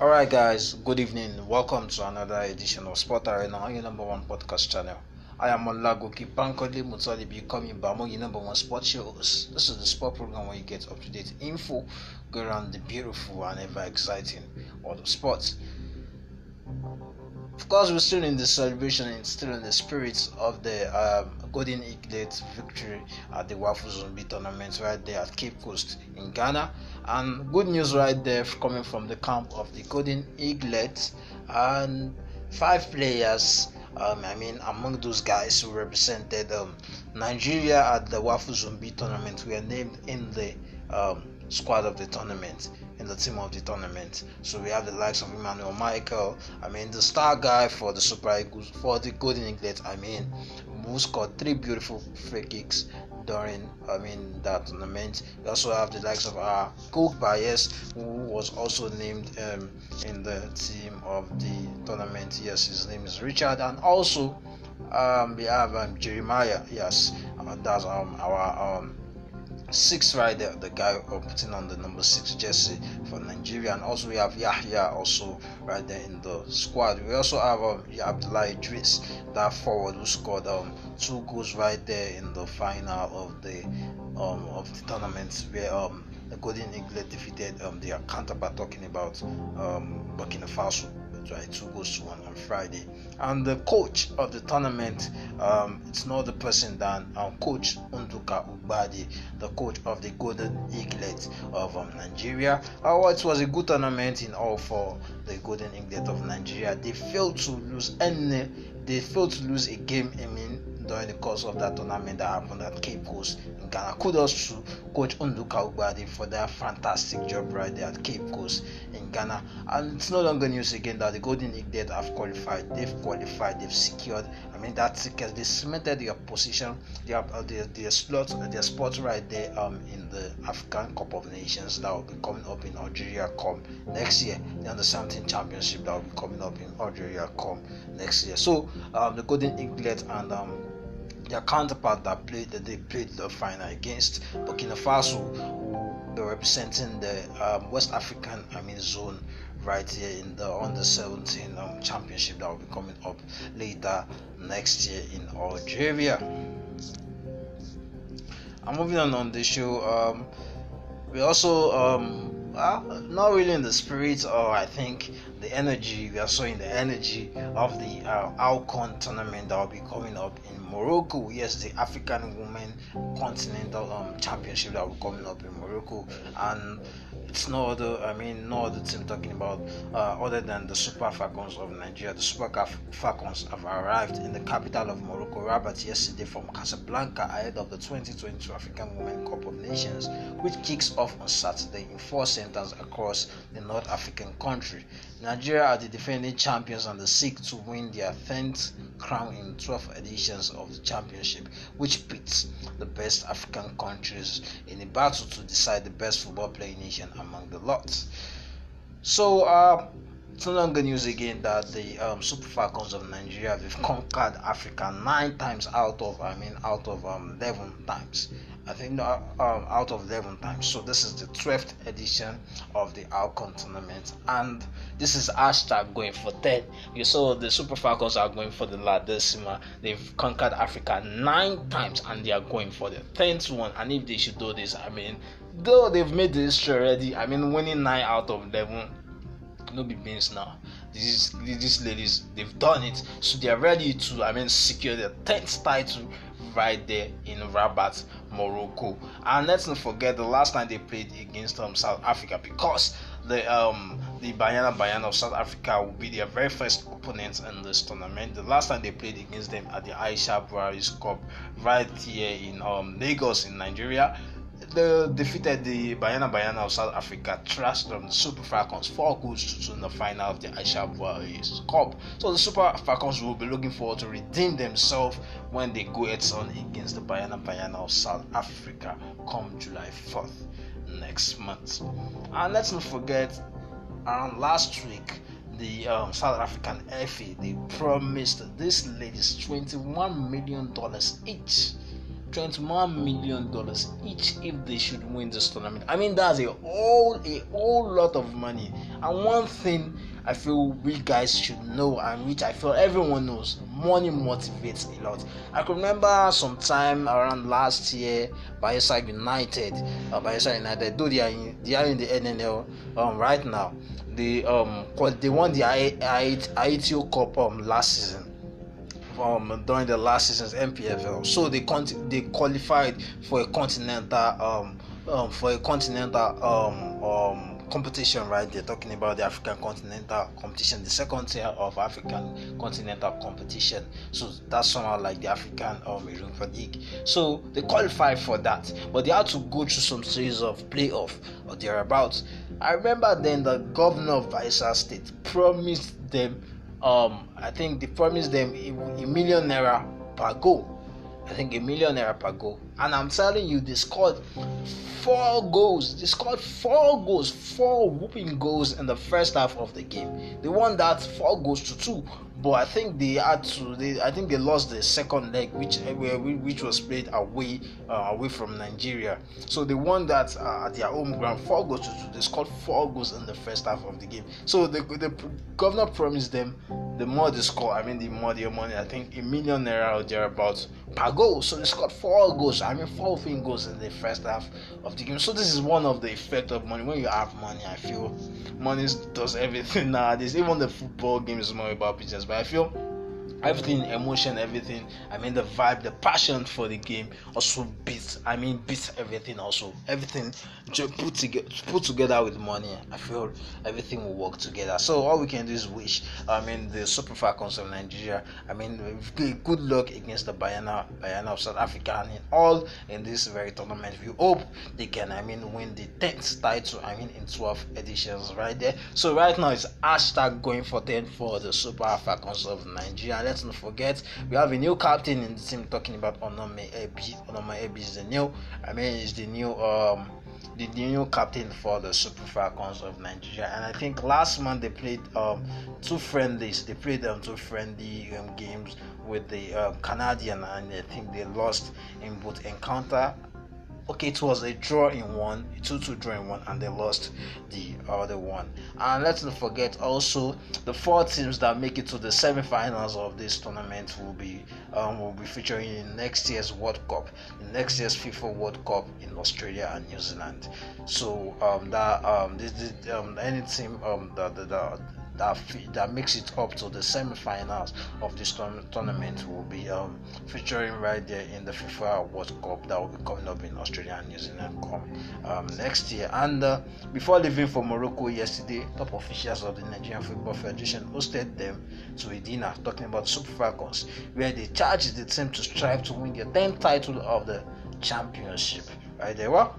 Alright, guys, good evening. Welcome to another edition of Sport Arena, your number one podcast channel. I am Olagoki Bankole Mutali, coming Bamo, your number one sports show. This is the sport program where you get up to date info, go around the beautiful and ever exciting world of sports. Of course, we're still in the celebration and still in the spirit of the um, Golden Eaglets victory at the Wafu Zumbi tournament right there at Cape Coast in Ghana. And good news right there coming from the camp of the Golden Eaglets. and five players. Um, I mean, among those guys who represented um, Nigeria at the Wafu Zumbi tournament, were named in the um, squad of the tournament in the team of the tournament. So we have the likes of Emmanuel Michael, I mean the star guy for the Super Eagles, for the Golden Eaglet, I mean who scored three beautiful free kicks during I mean that tournament. We also have the likes of our uh, Cook Bias, who was also named um, in the team of the tournament. Yes, his name is Richard, and also um, we have um, Jeremiah. Yes, uh, that's um, our um, six right there, the guy uh, putting on the number six jersey for Nigeria, and also we have Yahya also right there in the squad. We also have um, Abdullah Idris, that forward who scored um, two goals right there in the final of the um, of the tournament where um, Golden England defeated um, their counterpart talking about um, Burkina Faso to a two goals to one on Friday. And the coach of the tournament, um, it's not the person than um, Coach Unduka Ubadi, the coach of the Golden Eaglet of um, Nigeria. Our uh, it was a good tournament in all for the Golden Eaglet of Nigeria. They failed to lose any, they failed to lose a game. I mean, during the course of that tournament that happened at Cape Coast in Ghana. Kudos to Coach Unduka Ubadi for their fantastic job right there at Cape Coast Ghana. And it's no longer news again that the Golden League dead have qualified. They've qualified. They've secured. I mean that ticket. They cemented their position. They have uh, their, their slot. Uh, their spot right there um in the African Cup of Nations that will be coming up in Algeria come next year. The Under 17 Championship that will be coming up in Algeria come next year. So um, the Golden Eaglet and um, their counterpart that played that they played the final against Burkina Faso representing the um, West African I mean zone right here in the under 17 um, championship that will be coming up later next year in Algeria. I'm moving on on the show. Um, we also um, well, not really in the spirit, or I think the energy we are showing the energy of the uh, Alcon tournament that will be coming up in Morocco. Yes, the African Women Continental um, Championship that will be coming up in Morocco, and it's no other. I mean, no other team talking about uh, other than the Super Falcons of Nigeria. The Super Falcons have arrived in the capital of Morocco, Rabat, yesterday from Casablanca ahead of the 2022 African Women Cup of Nations, which kicks off on Saturday in four sets centers across the North African country. Nigeria are the defending champions and they seek to win their 10th crown in 12 editions of the championship, which pits the best African countries in a battle to decide the best football playing nation among the lot. So, uh, it's no longer news again that the um, Super Falcons of Nigeria have conquered Africa nine times out of I mean out of um, eleven times. I think uh, um, out of eleven times. So this is the twelfth edition of the Alcon tournament, and this is hashtag going for ten. You saw the Super Falcons are going for the La Decima. They've conquered Africa nine times, and they are going for the tenth one. And if they should do this, I mean, though they've made the history already, I mean, winning nine out of eleven no be beans now. These these ladies they've done it, so they are ready to I mean secure their tenth title right there in Rabat, Morocco. And let's not forget the last time they played against um, South Africa because the um the Bayana Bayana of South Africa will be their very first opponents in this tournament. The last time they played against them at the Aisha Buhari's Cup right here in um Lagos in Nigeria. They defeated the Bayana Bayana of South Africa, thrashed them, the Super Falcons, four goals to two in the final of the Aisha Warriors Cup. So the Super Falcons will be looking forward to redeem themselves when they go heads on against the Bayana Bayana of South Africa come July 4th next month. And let's not forget, around um, last week, the um, South African FA they promised these ladies 21 million dollars each 21 million dollars each if they should win this tournament. I mean that's a whole a whole lot of money. And one thing I feel we guys should know and which I feel everyone knows, money motivates a lot. I can remember sometime around last year, by United, uh, United, though they are in, they are in the NNL um, right now. They um they won the ITO Cup um, last season um, during the last season's MPFL. So they they qualified for a continental um, um, for a continental um, um, competition, right? They're talking about the African Continental Competition, the second tier of African Continental Competition. So that's somehow like the African um, European League. So they qualified for that, but they had to go through some series of playoff or thereabouts. I remember then the governor of Bayelsa State promised them um, I think they promised them a, a million naira per goal. I think a million naira per goal. And I'm telling you, they scored four goals. They scored four goals, four whooping goals in the first half of the game. They won that four goals to two but I think they had to. They, I think they lost the second leg, which eh, which was played away uh, away from Nigeria. So they won that uh, at their home ground, four goals to two. They scored four goals in the first half of the game. So the, the governor promised them the more they score, I mean the more their money. I think a million naira or thereabouts per goal. So they scored four goals. I mean four fin goals in the first half of the game. So this is one of the effect of money. When you have money, I feel money does everything nowadays. Even the football game is more about business but I feel everything, emotion, everything. I mean, the vibe, the passion for the game also beats. I mean, beats everything. Also, everything put together, put together with money. I feel everything will work together. So all we can do is wish. I mean, the Super Falcons of Nigeria. I mean, good luck against the Bayana Bayana of South Africa and in all in this very tournament. We hope they can. I mean, win the tenth title. I mean, in twelve editions right there. So right now it's hashtag going for ten for the Super Falcons of Nigeria let's not forget we have a new captain in the team talking about Onome Ebi. Onome Ebi is the new, I mean, is the new um the new captain for the Super Falcons of Nigeria. And I think last month they played um, two friendlies. They played um, two friendly um, games with the um, Canadian, and I think they lost in both encounter okay it was a draw in one 2-2 draw in one and they lost the other one and let's not forget also the four teams that make it to the semi-finals of this tournament will be um, will be featuring in next year's world cup next year's fifa world cup in australia and new zealand so um, that um, this, this, um, any team um, that, that, that that that makes it up to the semi-finals of this tournament mm. will be um, featuring right there in the FIFA World Cup that will be coming up in Australia and New Zealand come um, next year. And uh, before leaving for Morocco yesterday, top officials of the Nigerian Football Federation hosted them to a dinner talking about Super Falcons, where they charged the team to strive to win their 10th title of the championship. Right there, well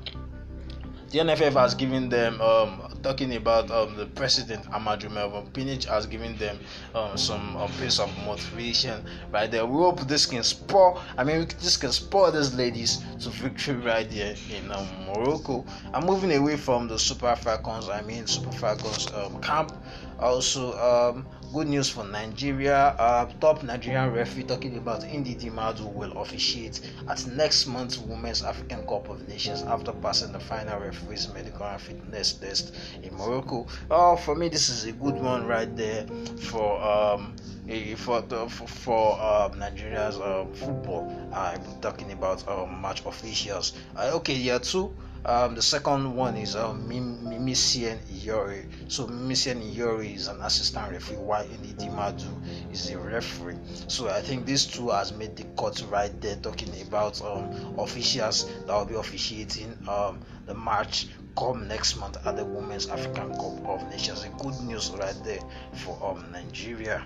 the NFF has given them, um, talking about um, the president Amadou Melvin Pinich has given them um, some um, piece of motivation right there. We hope this can spur, I mean, this can spur these ladies to victory right there in um, Morocco. I'm moving away from the Super Falcons, I mean, Super Falcons um, camp. Also, um, good news for Nigeria. Uh, top Nigerian referee talking about Ndidi Madu will officiate at next month's Women's African Cup of Nations after passing the final referee's medical and fitness test in Morocco. Oh, for me, this is a good one right there for um, for for, um, um, for uh, Nigeria's uh, football. I'm talking about uh, match officials. Uh, okay, here two. Um, the second one is um, Mimisian Iyori. So Mimisian Iyori is an assistant referee, while Elidi Madu is a referee. So I think these two has made the cut right there, talking about um, officials that will be officiating um, the match come next month at the Women's African Cup of Nations. A good news right there for um, Nigeria.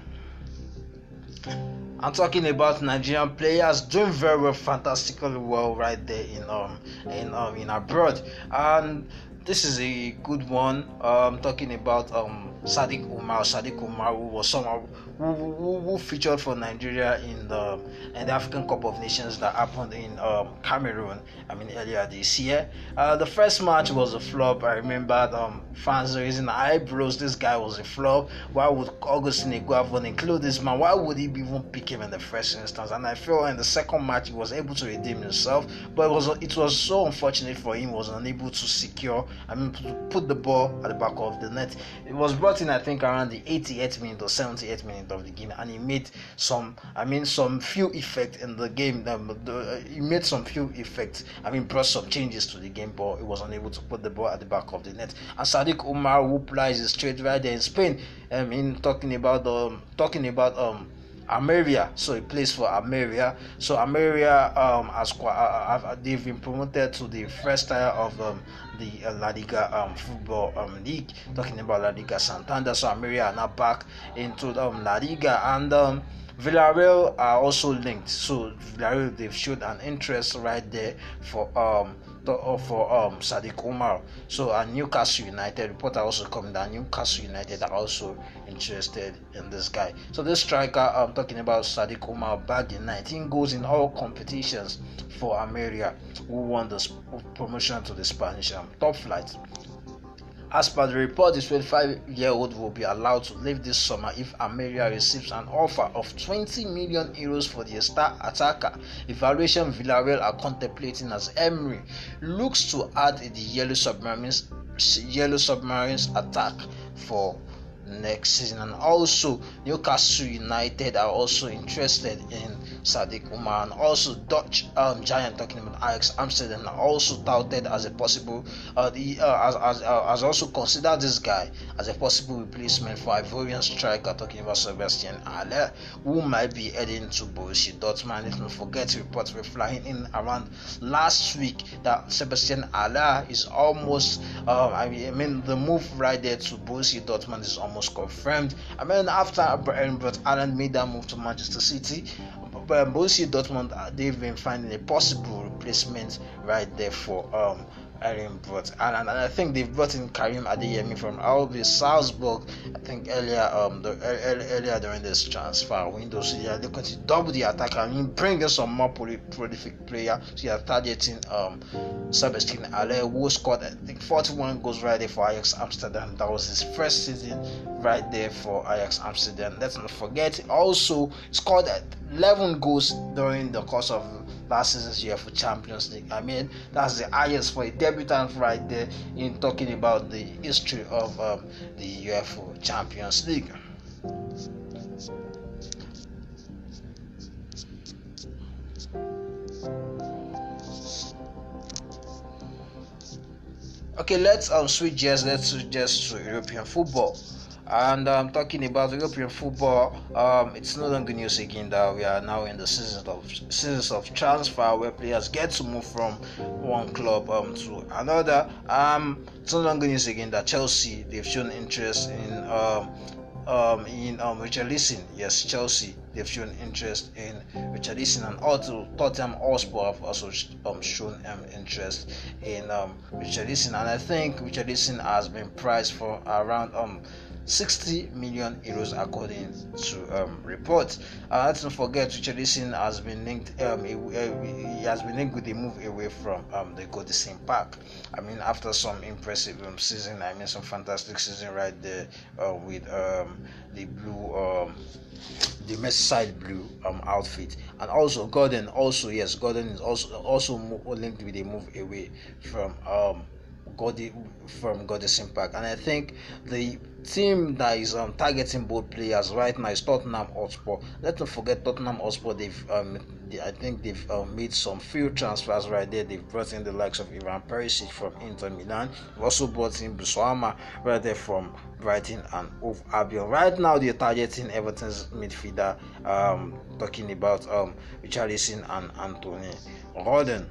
I'm talking about Nigerian players doing very well, fantastically well right there in um in um in abroad, and this is a good one. I'm talking about um Sadiq Umar, Sadiq Umar who was someone who, who, who, featured for Nigeria in the in the African Cup of Nations that happened in um, Cameroon. I mean earlier this year. Uh, the first match was a flop. I remember um, fans raising eyebrows. This guy was a flop. Why would Augustine Iguavon include this man? Why would he even pick him in the first instance? And I feel in the second match he was able to redeem himself, but it was it was so unfortunate for him. Was unable to secure I mean, to put the ball at the back of the net. It was brought in, I think, around the 88th minute or 78th minute of the game, and he made some, I mean, some few effect in the game. That, um, the, uh, he made some few effects. I mean, brought some changes to the game, but he was unable to put the ball at the back of the net. And Sadiq Umar, who plays straight right there in Spain, I mean, talking about um, talking about um Ameria. So he plays for Ameria. So Ameria um, has uh, uh, they've been promoted to the first tier of um, the uh, La Liga um, football um, league. Talking about La Liga Santander. So Ameria are now back into um, La Liga and. Um, Villarreal are also linked, so Villarreal they've showed an interest right there for um for, for um, Sadiq Umar. So, and uh, Newcastle United reporter also coming down. Newcastle United are also interested in this guy. So, this striker I'm talking about, Sadiq Umar, bagged in 19 goals in all competitions for America, who won the promotion to the Spanish um, top flight as per the report, the 25 year old will be allowed to leave this summer if Ameria receives an offer of 20 million euros for the star attacker. Evaluation Villarreal are contemplating as Emery looks to add the Yellow Submarines, Yellow Submarines attack for next season. And also, Newcastle United are also interested in Sadiq Oman. Also, Dutch um, giant talking about Ajax Amsterdam also touted as a possible, uh, the, uh, as, as, uh, as also considered this guy as a possible replacement for Ivorian striker talking about Sebastian Aller, who might be heading to Borussia Dortmund. Let's not forget reports were flying in around last week that Sebastian Aller is almost, um, I, mean, the move right there to Borussia Dortmund is almost confirmed. I mean, after Aaron Brett Allen made that move to Manchester City. Um, Borussia Dortmund uh, they've been finding a possible replacement right there for um Aaron brought, and, and, and, I think they brought in Karim Adeyemi from RB Salzburg. I think earlier um the, earlier during this transfer window, so they are looking to double the attack I mean bring in some more prolific player. So they are targeting um Sebastian Ale, who scored I think 41 goals right there for Ajax Amsterdam. That was his first season right there for Ajax Amsterdam. Let's not forget, also scored 11 goals during the course of last season's UEFA Champions League. I mean, that's the highest for a debutant right there in talking about the history of um, the UEFA Champions League. Okay, let's um, switch gears. Let's switch gears to European football and I'm um, talking about European football, um, it's no longer news again that we are now in the seasons of seasons of transfer where players get to move from one club um, to another. Um, it's no longer news again that Chelsea they've shown interest in um, um, in um, Richarlison. Yes, Chelsea they've shown interest in Richard Leeson, and also Tottenham Hotspur have also um, shown um, interest in um, Leeson. And I think Richard Leeson has been priced for around um 60 million euros according to um, reports. And let's not forget Richardson has been linked. Um, he, uh, he, has been linked with a move away from um, the Goodison Park. I mean, after some impressive um, season, I mean, some fantastic season right there uh, with um, the blue um, the Merseyside blue um outfit, and also Gordon. Also, yes, Gordon is also also linked with a move away from um got from Goddess Impact. And I think the team that is um, targeting both players right now is Tottenham Hotspur. Let's not forget Tottenham Hotspur. They've um, they, I think they've um, made some few transfers right there. They've brought in the likes of Ivan Perisic from Inter Milan. They've also brought in Buswama right there from Brighton and Hove Albion. Right now they're targeting Everton's midfielder. Um, talking about um, Richarlison and Anthony Roden.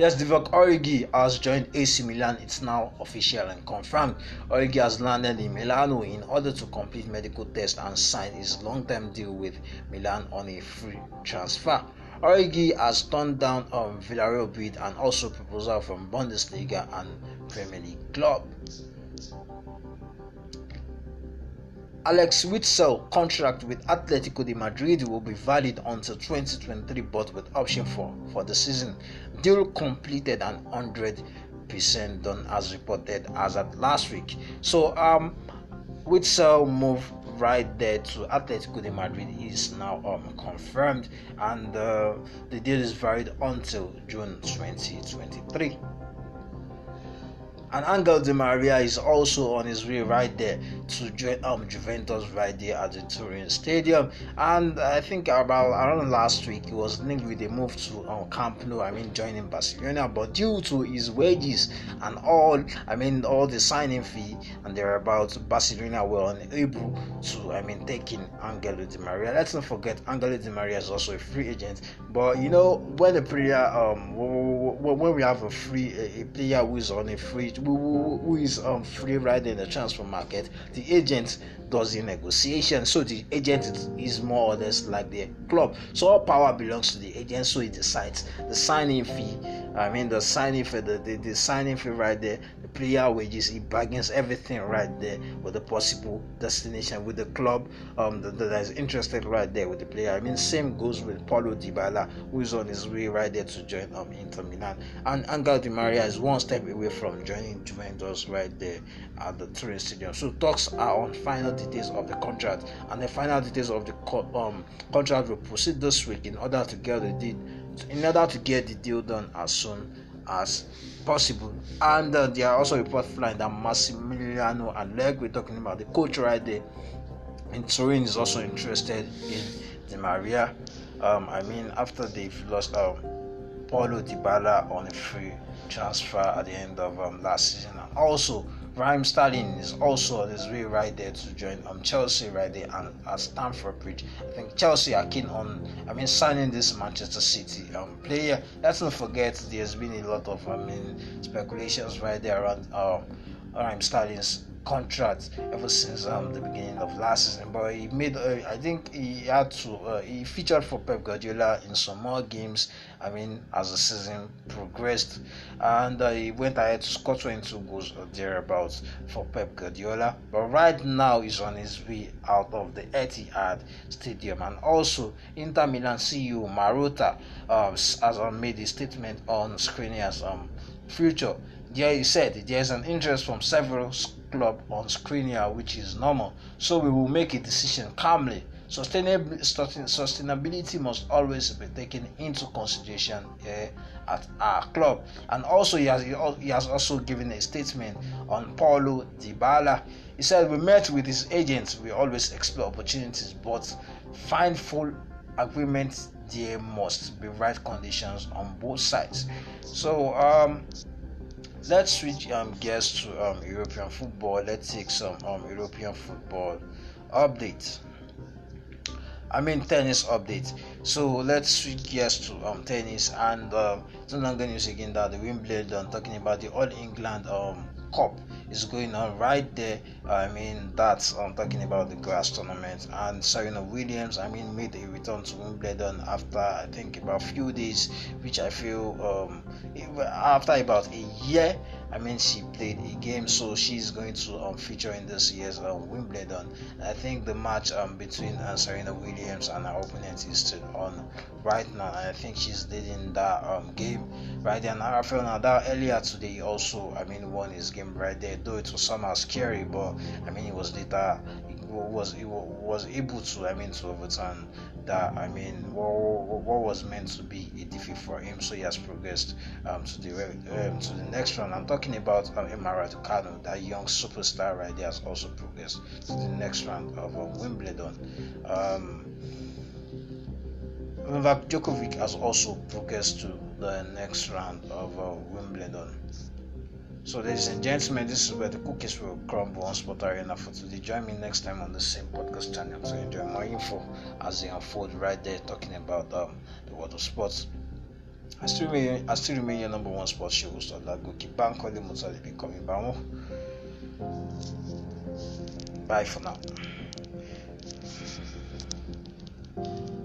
Yes, Divock Origi has joined AC Milan. It's now official and confirmed. Origi has landed in Milano in order to complete medical tests and sign his long-term deal with Milan on a free transfer. Origi has turned down a um, Villarreal bid and also proposal from Bundesliga and Premier League club. Alex Witzel contract with Atletico de Madrid will be valid until 2023 but with option for for the season. Deal completed and 100% done as reported as at last week. So um Witzel move right there to Atletico de Madrid is now um, confirmed and uh, the deal is valid until June 2023. And Angel Di Maria is also on his way right there to join um, Juventus right there at the Turin Stadium. And I think about around last week he was linked with a move to um, Camp Nou. I mean, joining Barcelona, but due to his wages and all, I mean, all the signing fee and about Barcelona were unable to, I mean, take in Angelo Di Maria. Let's not forget Angelo Di Maria is also a free agent. But you know, when a player, um, when we have a free a player who is on a free who, who is um, free riding the transfer market, the agent does the negotiation. So the agent is more or less like the club. So all power belongs to the agent. So he decides the signing fee I mean, the signing fee, the, the, the signing fee right there, the player wages, he bargains everything right there with the possible destination, with the club um, that is interested right there with the player. I mean, same goes with Paulo Dybala, who is on his way right there to join um, Inter Milan. And Angel Di Maria is one step away from joining Juventus right there at the Turin Stadium. So talks are on final details of the contract, and the final details of the co- um, contract will proceed this week in order to get the deal in order to get the deal done as soon as possible. And uh, there are also reports flying that Massimiliano Allegri, talking about the coach right there in Turin, is also interested in Di Maria. Um, I mean, after they've lost um, Paulo Dybala on a free transfer at the end of um, last season, also Raheem Sterling is also on his way right there to join um, Chelsea right there and at Stamford Bridge. I think Chelsea are keen on, I mean, signing this Manchester City um, player. Let's not forget there's been a lot of, I mean, speculations right there around uh, Raheem Sterling's contract ever since um the beginning of last season. But he made, uh, I think he had to, uh, he featured for Pep Guardiola in some more games. I mean, as the season progressed, and uh, he went ahead to score 22 goals or thereabouts for Pep Guardiola. But right now, he's on his way out of the Etihad Stadium, and also Inter Milan CEO Marotta uh, has um, made a statement on as um future. There he said there is an interest from several club on screen here, which is normal. So we will make a decision calmly. Sustainability must always be taken into consideration here at our club. And also, he has, he has also given a statement on Paulo Dybala. He said, We met with his agents, we always explore opportunities, but find full agreement there must be right conditions on both sides. So, um, let's switch um, gears to um, European football. Let's take some um, European football updates. I mean tennis updates. So let's switch gears to um, tennis and um, it's no longer news again that the Wimbledon talking about the All England um, Cup is going on right there. I mean, that's I'm talking about the grass tournament. And Serena Williams, I mean, made a return to Wimbledon after I think about a few days, which I feel um, after about a year I mean, she played a game, so she's going to um, feature in this year's um, Wimbledon. I think the match um, between uh, Serena Williams and her opponent is still on right now, and I think she's leading that um, game right there. And Rafael Nadal earlier today also, I mean, won his game right there, though it was somehow scary, but I mean, it was later was was able to I mean to overturn that I mean, what, what was meant to be a defeat for him, so he has progressed um, to the um, to the next round. I'm talking about um, Emarat Kano, that young superstar right there, has also progressed to the next round of um, Wimbledon. Um, Novak Djokovic has also progressed to the next round of uh, Wimbledon. So, ladies and gentlemen, this is where the cookies will crumble on Spotter Arena for today. Join me next time on the same podcast channel to enjoy more info as they unfold right there, talking about um, the world of sports. I still remain, I still remain your number one sports show host, Olagoki Bankole be coming back. Bye for now.